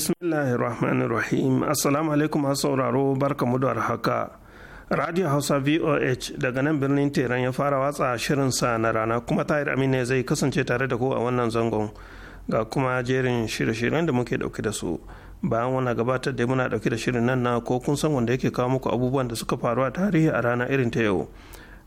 bismillahirrahmanirrahim assalamu alaikum masu sauraro barkamu da haka radio hausa voh daga nan birnin teran ya fara watsa shirinsa na rana kuma tahir amina zai kasance tare da ku a wannan zangon ga kuma jerin shirye-shiryen da muke dauke da su bayan wani gabatar da muna dauke da shirin nan na ko kun san wanda yake kawo muku abubuwan da suka faru a tarihi a rana irin ta yau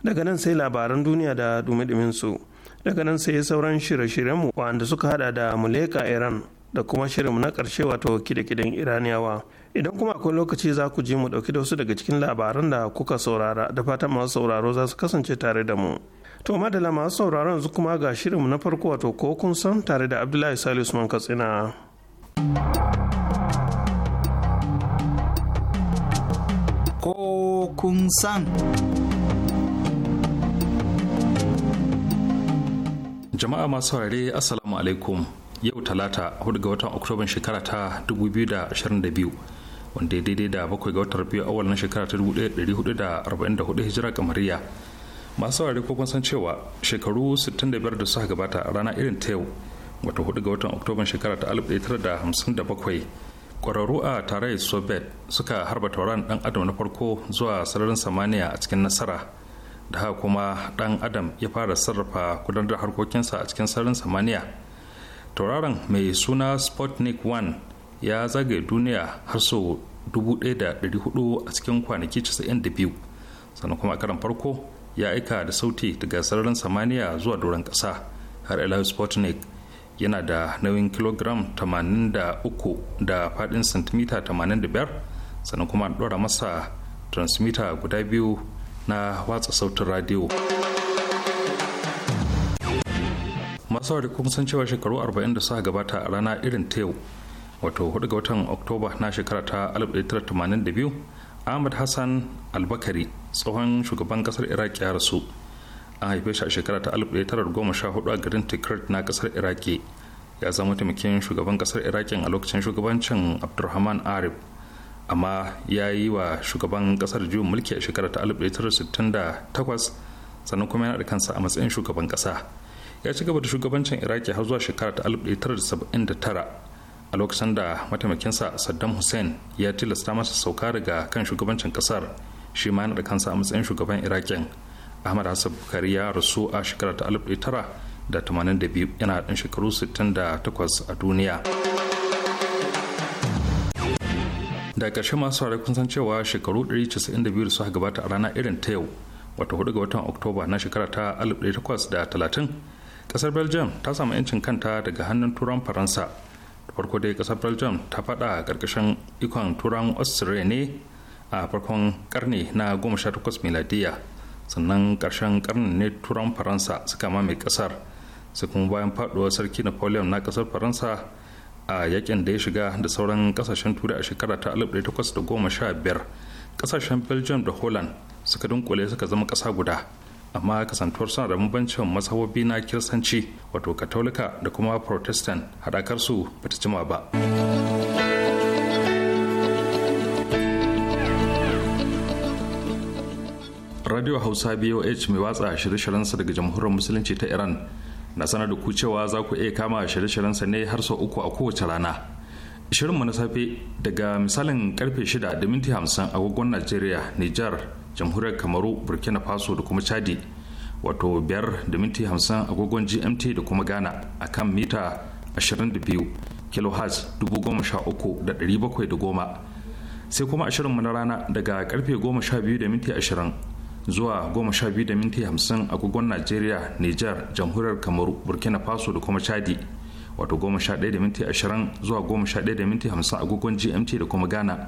daga nan sai labaran duniya da dumi su daga nan sai sauran shirye-shiryenmu wanda suka hada da muleka iran da kuma shirinmu na ƙarshe wato kide-kiden iraniyawa idan kuma akwai lokaci za ku ji mu ɗauki da wasu daga cikin labaran da kuka saurara da fatan masu sauraro za su kasance tare da mu to madala masu sauraro yanzu kuma ga shirinmu na farko wato ko kun san tare da abdullahi salisu usman katsina ko kun san jama'a masu saurare assalamu alaikum yau talata 4 ga watan oktoban shekara ta 2022 wanda ya daidai da bakwai ga watan biyu awal na shekara ta 1444 hijira kamariya masu saurari ko kun san cewa shekaru 65 da suka gabata rana irin ta yau wata 4 ga watan oktoban shekara ta 1957 kwararru a tarayyar soviet suka harba tauran dan adam na farko zuwa sararin samaniya a cikin nasara da haka kuma dan adam ya fara sarrafa gudanar da harkokinsa a cikin sararin samaniya tauraron mai suna sputnik 1 ya zagaye duniya har sau 1400 a cikin kwanaki 92 sannan kuma a karan farko ya aika da sauti daga sararin samaniya zuwa doron ƙasa har ila sputnik yana da nauyin kilogram 83 da faɗin santimita 85 sannan kuma an ɗora masa transmitter guda biyu na watsa sautin radiyo. masu da kuma san cewa shekaru 40 da suka gabata a rana irin ta yau wato 4 ga watan oktoba na shekara ta 1982 ahmad hassan albakari tsohon shugaban kasar iraki ya rasu an haife shi a shekara ta 1914 a garin tikrit na kasar iraki ya zama mataimakin shugaban kasar iraki a lokacin shugabancin abdurrahman arif amma ya yi wa shugaban kasar juyin mulki a shekara ta 1968 sannan kuma yana da kansa a matsayin shugaban kasa ya ci gaba da shugabancin iraki har zuwa shekara ta 1979 a lokacin da mataimakinsa saddam hussein ya tilasta masa sauka daga kan shugabancin kasar shi ma yana da kansa a matsayin shugaban iraki ahmad hassan bukari ya rasu a shekara ta 1982 yana dan shekaru 68 a duniya da ƙarshe masu saurari kun san cewa shekaru 192 da suka gabata a rana irin ta yau wata 4 ga watan oktoba na shekara ta 1830 kasar belgium ta samu 'yancin kanta daga hannun turan faransa da farko dai kasar belgium ta fada karkashin ikon turan austria ne a farkon karni na 18 miladiya sannan karshen karnin ne turan faransa suka mame kasar su kuma bayan faduwar sarki napoleon na kasar faransa a yakin da ya shiga da sauran kasashen turai a shekara ta 1815 kasashen belgium da holland suka dunkule suka zama kasa guda amma kasantuwar suna da wa mazhabobi na kiristanci wato katolika da kuma protestant haɗakarsu bata jima ba radio hausa boh mai watsa shirye sa daga jamhuriyar musulunci ta iran na sanar da ku cewa za ku iya kama shirye-shiryensa ne har sau uku a kowace rana shirinmu na safe daga misalin karfe 6 da minti 50 agogon najeriya nijar jamhuriyar kamaru burkina faso da kuma chadi wato 5 da minti 50 agogon gmt da kuma ghana a kan mita 22 kilohertz 13710 sai kuma ashirinmu na rana daga karfe 12 da minti 20 zuwa 12 da minti 50 agogon nigeria niger jamhuriyar kamaru burkina faso da kuma chadi wato 11 da minti 20 zuwa 11 da minti 50 agogon gmt da kuma ghana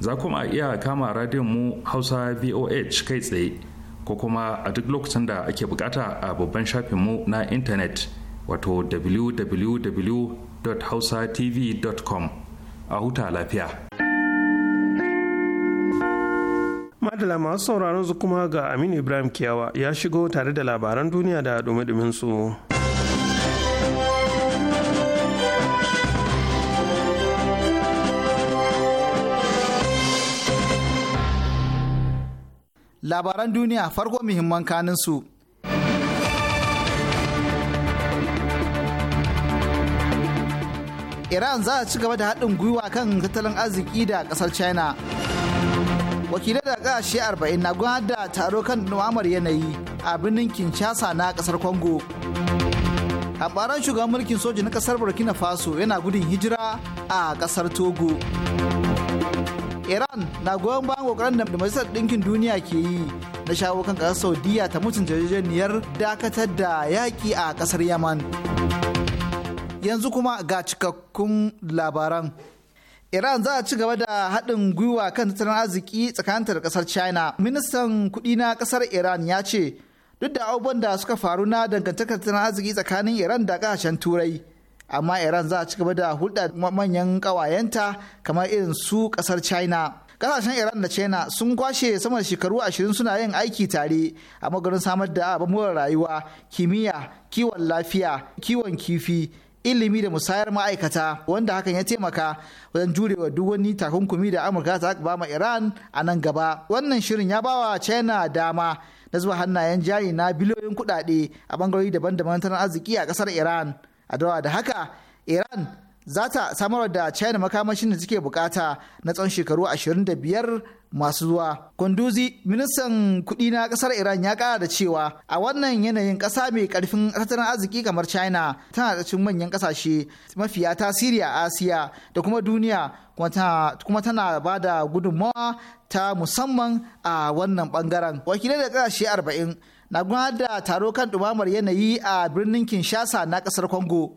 za kuma iya kama radiyon mu hausa voh kai tsaye ko kuma a duk lokacin da ake bukata a babban shafin mu na intanet wato www.hausatv.com a huta lafiya madala masu sauraron su kuma ga aminu ibrahim kiyawa ya shigo tare da labaran duniya da dumi su. labaran duniya farko muhimman kanin su. Iran za a ci gaba da haɗin gwiwa kan tattalin arziki da ƙasar China. Wakilai da ƙasashe arba'in na gudanar taro kan nuwamar yanayi a birnin Kinshasa na ƙasar Congo. A ɓaran shugaban mulkin soji na ƙasar Burkina Faso yana gudun hijira a ƙasar Togo. iran na goyon bayan kokarin da majalisar ɗinkin duniya ke yi na shawo kan ƙasar saudiya ta mutunta yarjejeniyar dakatar da yaƙi a ƙasar yaman yanzu kuma ga cikakkun labaran iran za a ci gaba da haɗin gwiwa kan tattalin arziki tsakaninta da ƙasar china ministan kuɗi na ƙasar iran ya ce duk da abubuwan da suka faru na dangantakar tattalin arziki tsakanin iran da ƙasashen turai amma iran za a ci gaba da hulɗa manyan ƙawayenta kamar irin su kasar china kasashen iran da china sun kwashe sama da shekaru ashirin suna yin aiki tare a magarin samar da abubuwan rayuwa kimiyya kiwon lafiya kiwon kifi ilimi da musayar ma'aikata wanda hakan ya taimaka wajen jurewa duk wani takunkumi da amurka ta ba ma iran a nan gaba wannan shirin ya bawa china dama na zuba hannayen jari na biliyoyin kudade a bangarori daban-daban tattalin arziki a kasar iran addu'a da haka iran za ta samar da china makamashin da suke bukata na tsawon shekaru 25 masu zuwa kunduzi ministan kudi na kasar iran ya kara da cewa a wannan yanayin kasa mai karfin tattalin arziki kamar china tana da cikin manyan kasashe mafiya tasiri a asiya da kuma duniya kuma tana ba da gudunmawa ta musamman a wannan bangaren wakilai da kasashe arba'in. na gudanar da taro kan dumamar yanayi a birnin Kinshasa na kasar Congo.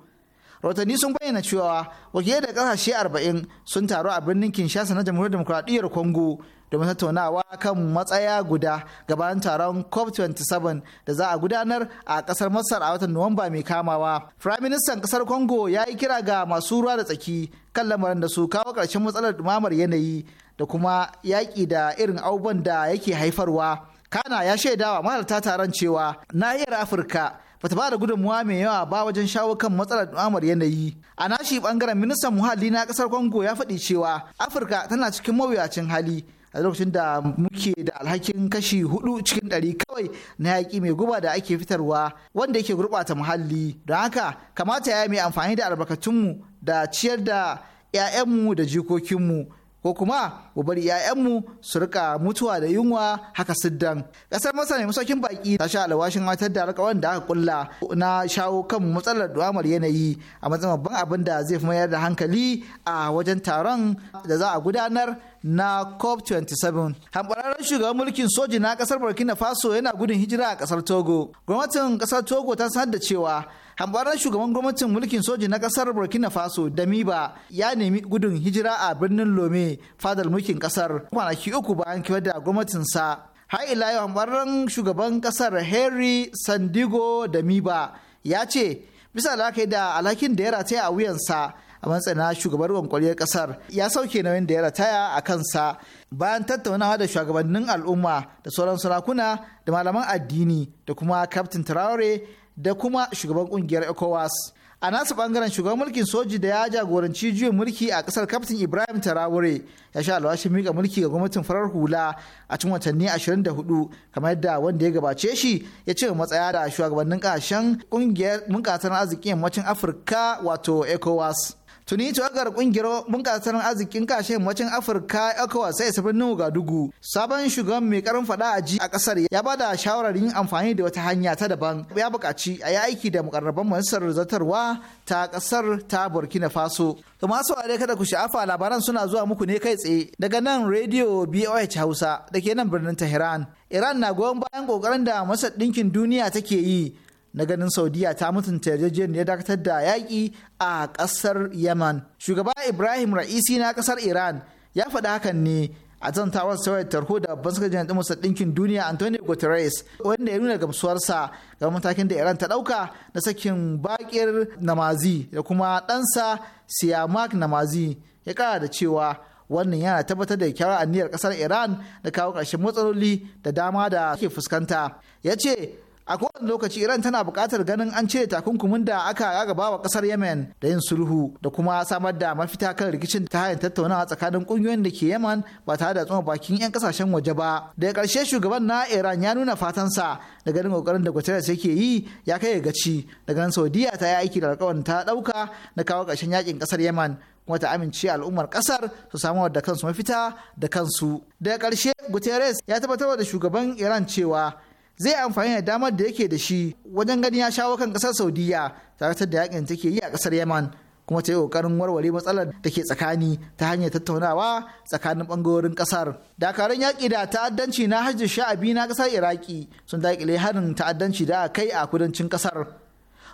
Rahotanni sun bayyana cewa wakilai da ƙasashe arba'in sun taru a birnin Kinshasa na Jamhuriyar Demokuraɗiyyar Congo domin tattaunawa kan matsaya guda gabanin taron COP27 da za a gudanar a kasar Masar a watan Nuwamba mai kamawa. Firaministan ƙasar Congo ya yi kira ga masu ruwa da tsaki kan lamarin da su kawo ƙarshen matsalar dumamar yanayi da kuma yaƙi da irin abubuwan da yake haifarwa. kana ya shaidawa mahalarta taron cewa nahiyar afirka bata ba da gudunmuwa mai yawa ba wajen shawo kan matsalar ɗumamar yanayi a nashi bangaren ministan muhalli na ƙasar congo ya faɗi cewa afirka tana cikin mawuyacin hali a lokacin da muke da alhakin kashi hudu cikin ɗari kawai na yaƙi mai guba da ake fitarwa wanda yake gurɓata muhalli don haka kamata ya yi mai amfani da albarkatunmu da ciyar da 'ya'yanmu da jikokinmu ko kuma mu bari 'ya'yanmu su rika mutuwa da yunwa haka siddan ƙasar masa mai masaukin baƙi ta sha alwashin watar da alƙawarin da aka kulla na shawo kan matsalar duwamar yanayi a matsayin babban abin da zai fi mayar da hankali a wajen taron da za a gudanar na cop 27 hambararren shugaban mulkin soji na ƙasar burkina faso yana gudun hijira a ƙasar togo gwamnatin ƙasar togo ta sanar da cewa hambaran shugaban gwamnatin mulkin soji na kasar burkina faso damiba ya nemi gudun hijira a birnin lome fadar mulkin kasar kwanaki uku bayan kewar da gwamnatinsa har ila yau hambaran shugaban kasar henry sandigo damiba ya ce bisa alakai da alhakin da ya rataya a wuyansa a matsayin shugabar kwankwaliyar kasar ya sauke nauyin da ya rataya a kansa bayan tattaunawa da shugabannin al'umma da sauran sarakuna da malaman addini da kuma kaftin traore da kuma shugaban kungiyar ECOWAS. A nasu bangaren shugaban mulkin soji da ya jagoranci juyin mulki a kasar Kaftin Ibrahim Tarawure ya sha alwashin mika mulki ga gwamnatin farar hula a cikin watanni 24 kamar yadda wanda ya gabace shi ya ce matsaya da shugabannin kashen kungiyar bunƙasar arzikin yammacin Afirka wato ECOWAS. tuni tawagar kungiyar bunkasar arzikin kashe yammacin afirka ecowas sai isa ga dugu sabon shugaban mai karin fada a ji a kasar ya bada shawarar yin amfani da wata hanya ta daban ya buƙaci a yi aiki da mukarraban majalisar zartarwa ta kasar ta burkina faso to masu ware kada ku sha'afa labaran suna zuwa muku ne kai tsaye daga nan rediyo boh hausa da ke nan birnin tehran iran na goyon bayan ƙoƙarin da masar ɗinkin duniya take yi na ganin saudiya ta mutunta yarjejeniyar dakatar da yaƙi a ƙasar yaman shugaba ibrahim ra'isi na ƙasar iran ya faɗi hakan ne a zantawar sauyar tarho da babban sakajin ɗin musa ɗinkin duniya antonio guterres wanda ya nuna gamsuwarsa ga matakin da iran ta ɗauka na sakin bakir namazi da kuma ɗansa siyamak namazi ya ƙara da cewa wannan yana tabbatar da kyawar aniyar ƙasar iran da kawo ƙarshen matsaloli da dama da ke fuskanta ya ce a kowane lokaci iran tana bukatar ganin an cire takunkumin da aka gagaba wa ƙasar yemen da yin sulhu da kuma samar da mafita kan rikicin ta hanyar tattaunawa tsakanin ƙungiyoyin da ke yemen ba tare da tsoma bakin 'yan ƙasashen waje ba daga karshe shugaban na iran ya nuna fatansa da ganin ƙoƙarin da guterres yake yi ya kai ga ci daga nan saudiya ta yi aiki da alƙawarin ta ɗauka na kawo ƙarshen yakin ƙasar yemen kuma ta amince al'ummar kasar su samu da kansu mafita da kansu daga karshe guterres ya tabbatar da shugaban iran cewa zai amfani da damar da yake da shi wajen ganin ya shawo kan kasar saudiya tare da yakin take yi a kasar yaman kuma ta yi kokarin warware matsalar da ke tsakani ta hanyar tattaunawa tsakanin bangarorin kasar dakarun yaƙi da ta'addanci na hajji sha'abi na kasar iraki sun daƙile harin ta'addanci da kai a kudancin kasar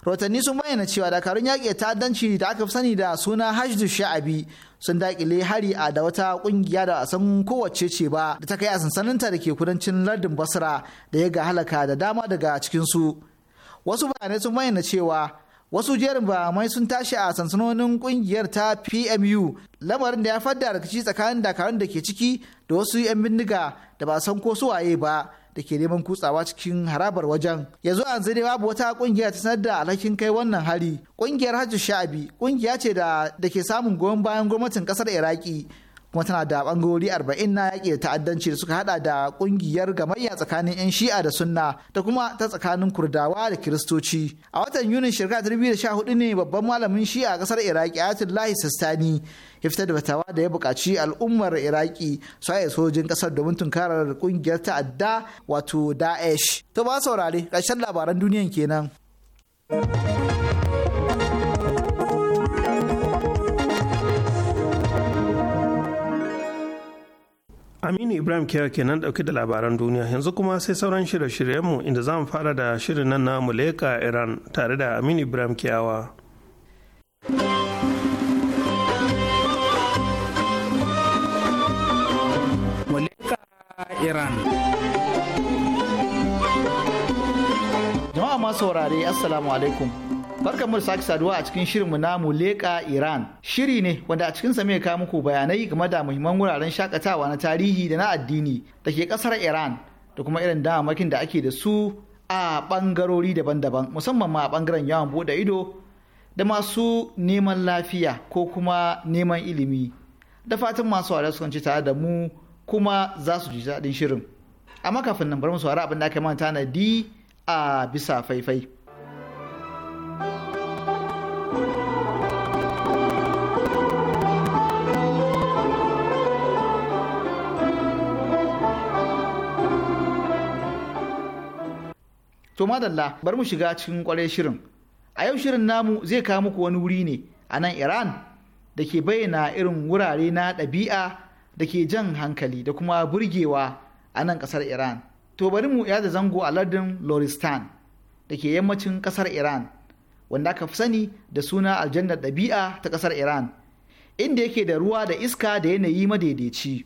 rotanni sun bayyana cewa dakarun yaƙi ta'addanci da aka fi sani da suna hajjus sha'abi sun daƙile hari a da wata ƙungiya da san kowace ce ba da ta kai a sansaninta da ke kudancin lardin basra da ya ga halaka da dama daga cikinsu wasu bayanai sun bayyana cewa wasu jerin bamai sun tashi a sansanonin ƙungiyar ta pmu lamarin da ya fadda rikici tsakanin dakarun da ke ciki da wasu 'yan bindiga da ba san ko waye ba da ke neman kutsawa cikin harabar wajen yanzu an zai babu wata kungiya ta sanar da alhakin kai wannan hari kungiyar hajji sha'abi kungiya ce da ke samun goyon bayan gwamnatin kasar iraki kuma tana da bangarori arba'in na yaƙi da ta'addanci da suka hada da ƙungiyar gamayya tsakanin 'yan shi'a da sunna da kuma ta tsakanin kurdawa da kiristoci a watan yunin shekara ta biyu da sha hudu ne babban malamin shi'a a ƙasar iraki ayatollah sistani ya fitar da fatawa da ya buƙaci al'ummar iraki su haye sojin ƙasar domin tunkarar ƙungiyar ta'adda wato daesh to ba saurare ƙarshen labaran duniyan kenan. Aminu Ibrahim Kiyar kenan dauke da labaran duniya yanzu kuma sai sauran shirye-shiryenmu inda za mu fara da shirin nan na Muleka Iran tare da Aminu Ibrahim Kiyawa. Muleka Iran Jama'a masu wurare, Assalamu alaikum. Barkan mu sake saduwa a cikin mu na leƙa Iran. Shiri ne wanda a cikin sa mai kawo muku bayanai game da muhimman wuraren shakatawa na tarihi da na addini da ke kasar Iran da kuma irin damamakin da ake da su a bangarori daban-daban musamman ma a bangaren yawon bude ido da masu neman lafiya ko kuma neman ilimi. Da fatan masu wa su ci tare da mu kuma za su ji daɗin shirin. Amma kafin nan bar mu saurari abin da aka manta na di a bisa faifai. To madalla bar mu shiga cikin kwarai shirin. A yau shirin namu zai kawo muku wani wuri ne a nan Iran da ke bayyana irin wurare na ɗabi'a da ke jan hankali da kuma burgewa a nan ƙasar Iran. To bari mu yada zango a lardin Loristan da ke yammacin ƙasar Iran wanda aka fi sani da suna aljannar ɗabi'a ta ƙasar Iran inda yake da ruwa da iska da yanayi madaidaici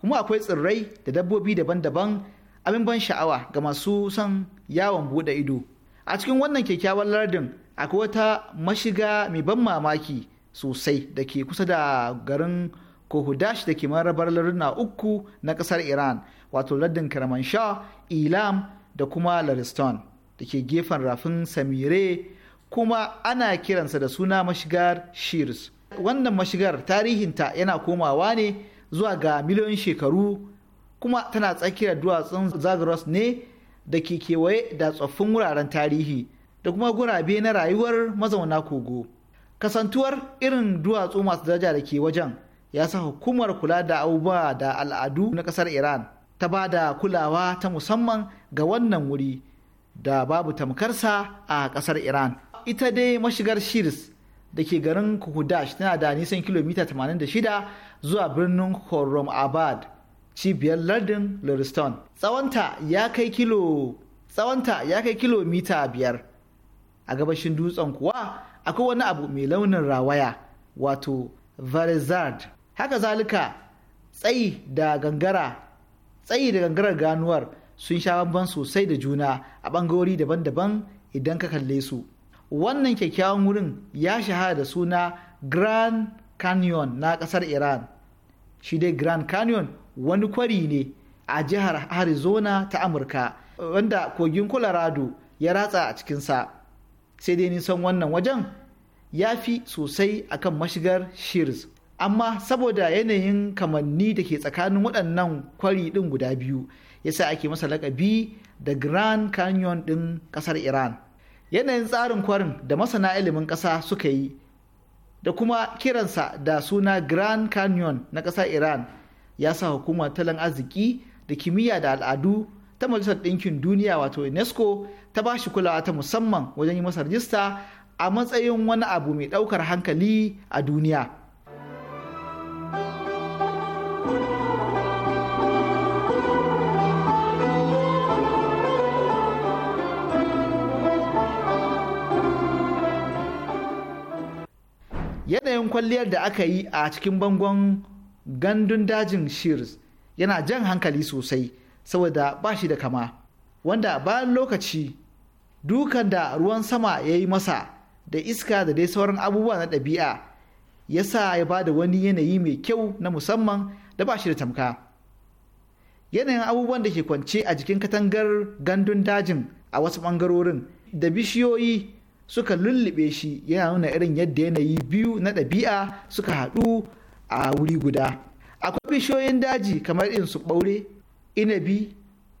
kuma akwai tsirrai da dabbobi daban-daban abin ban sha'awa ga masu son yawon bude ido a cikin wannan kyakkyawan lardin akwai wata mashiga mai ban mamaki sosai da ke kusa da garin kohudash da ke marabar larduna uku na kasar iran wato lardin sha ilam da kuma lariston da ke gefen rafin samire kuma ana kiransa da suna mashigar shears wannan mashigar tarihinta yana komawa ne zuwa ga miliyoyin shekaru kuma tana tsakiyar duwatsun zagros ne da ke kewaye da tsoffin wuraren tarihi da kuma gurabe na rayuwar mazauna kogo kasantuwar irin duwatsu masu daraja da ke wajen ya sa hukumar kula da abubuwa da al'adu na kasar iran ta ba da kulawa ta musamman ga wannan wuri da babu tamkarsa a kasar iran ita dai mashigar shirs da ke garin kuhudash tana da nisan kilomita 86 zuwa birnin khorram abad cibiyar lardin Lurston. Tsawonta ya kai kilo tsawonta kilomita biyar. A gabashin dutsen kuwa akwai wani abu mai launin rawaya wato Varizard. Haka zalika tsayi da gangara tsayi da gangarar ganuwar sun sha bamban sosai da juna a ɓangarori daban-daban idan ka kalle su. Wannan kyakkyawan wurin ya shahara da suna Grand Canyon na ƙasar Iran. Shi dai Grand Canyon wani kwari ne a jihar arizona ta amurka wanda kogin colorado ya ratsa a cikinsa sai dai nisan wannan wajen ya fi sosai akan mashigar shears amma saboda yanayin kamanni da ke tsakanin waɗannan kwari ɗin guda biyu ya yasa ake masa lakabi da grand canyon ɗin ƙasar iran yanayin tsarin kwarin da masana ilimin ƙasa suka yi da kuma kiransa da suna grand canyon na ƙasar iran ya sa hukumar talan arziki da kimiyya da al'adu ta majalisar ɗinkin duniya wato unesco ta ba shi kulawa ta musamman wajen yi masa rajista a matsayin wani abu mai ɗaukar hankali a duniya yanayin kwalliyar da aka yi a cikin bangon gandun dajin shears yana jan hankali sosai saboda ba shi da kama wanda bayan lokaci dukan da ruwan sama ya yi masa da iska da dai sauran abubuwa na ɗabi'a ya sa ya ba da wani yanayi mai kyau na musamman da ba shi da tamka yanayin abubuwan da ke kwance a jikin katangar gandun dajin a wasu ɓangarorin da bishiyoyi suka lullube shi yana nuna irin yadda yanayi biyu na ɗabi'a suka haɗu a wuri guda akwai bishiyoyin daji kamar in su ɓaure inabi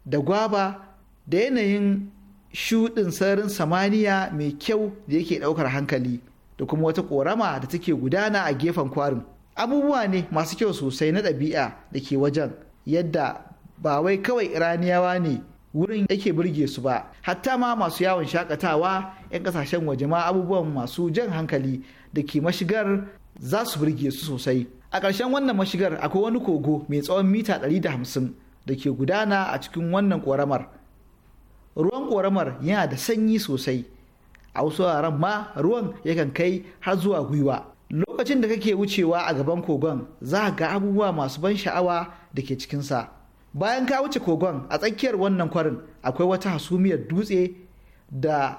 da gwaba da yanayin shuɗin sararin samaniya mai kyau da yake ɗaukar hankali da kuma wata ƙorama da take gudana a gefen kwarin abubuwa ne masu kyau sosai na ɗabi'a da ke wajen yadda ba wai kawai iraniyawa ne wurin yake burge su ba hatta ma masu yawon shakatawa 'yan kasashen waje ma abubuwan masu jan hankali da ke mashigar za su burge su sosai a ƙarshen wannan mashigar akwai wani kogo mai tsawon mita 150 da ke gudana a cikin wannan ƙoramar ruwan ƙoramar yana da sanyi sosai a wasu wuraren ma ruwan yakan kai har zuwa gwiwa lokacin da kake wucewa a gaban kogon za ga abubuwa masu ban sha'awa da ke cikinsa bayan ka wuce kogon a tsakiyar wannan kwarin akwai wata hasumiyar dutse da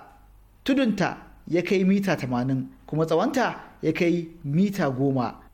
tudunta ya kai mita 80 kuma tsawonta ya kai mita goma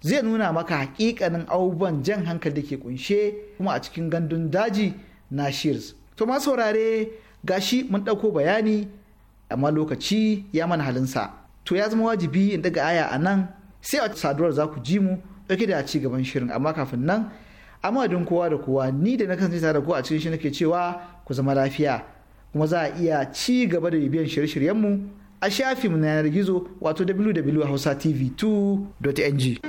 zai nuna maka hakikanin abubuwan jan hankali da ke kunshe kuma a cikin gandun daji na shears to ma saurare gashi mun ɗauko bayani amma lokaci ya mana halinsa to ya zama wajibi in daga aya a nan sai a saduwar za ku ji mu ɗauke da ci gaban shirin amma kafin nan amma don kowa da kowa ni da na kasance tare da ku a cikin shi nake cewa ku zama lafiya kuma za a iya ci gaba da bibiyan shirye-shiryenmu a shafinmu na yanar gizo wato www.hausatv2.ng.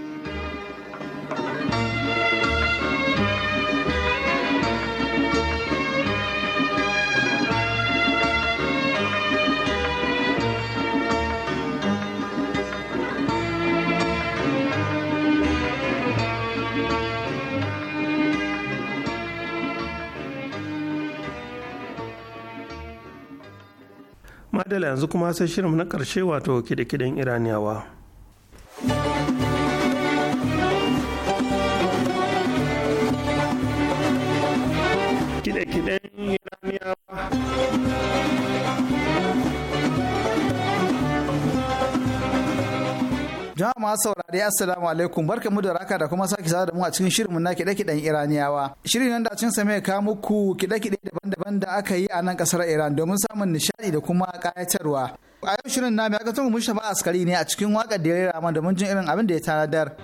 Isra'ila yanzu kuma sai shirin na ƙarshe wato kide-kiden Iraniyawa. Jama'a masu saurari Assalamu alaikum barkamu da raka da kuma sake sada da mu a cikin shirinmu na kiɗe-kiɗen Iraniyawa. Shirin nan da cin sa mai kawo muku kiɗe-kiɗe daban-daban da aka yi a nan ƙasar Iran domin samun nishaɗi da kuma kayatarwa. A yau shirin na mai aka mu shafa Askari ne a cikin waka da ya rera domin jin irin abin da ya tanadar.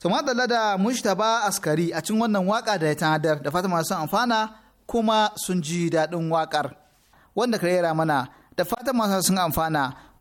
to madalla da ba askari a cikin wannan waka da ya tanadar da fatan masu amfana kuma sun ji daɗin wakar wanda ka yara mana da fatan masu sun amfana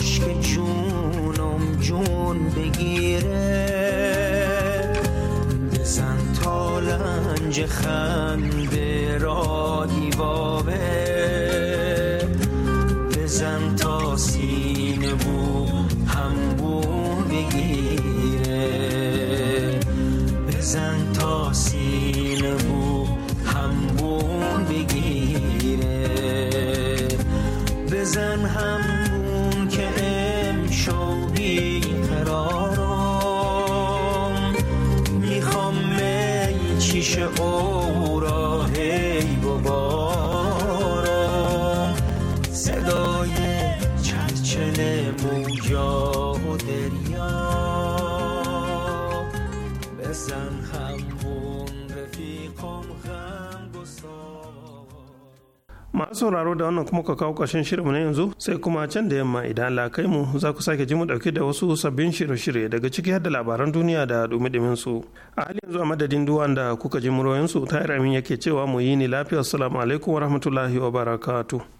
کاش که جونم جون بگیره بزن تا خنده masu sauraro da wannan kuma ka kawo ƙarshen shirinmu na yanzu sai kuma can da yamma idan Allah kai mu za ku sake ji mu dauke da wasu sabbin shirye-shirye daga ciki har da labaran duniya da dumi-dumin su a hali yanzu a madadin duwan da kuka ji muryoyin su ta yake cewa mu yi ni lafiya assalamu alaikum wa rahmatullahi wa barakatu.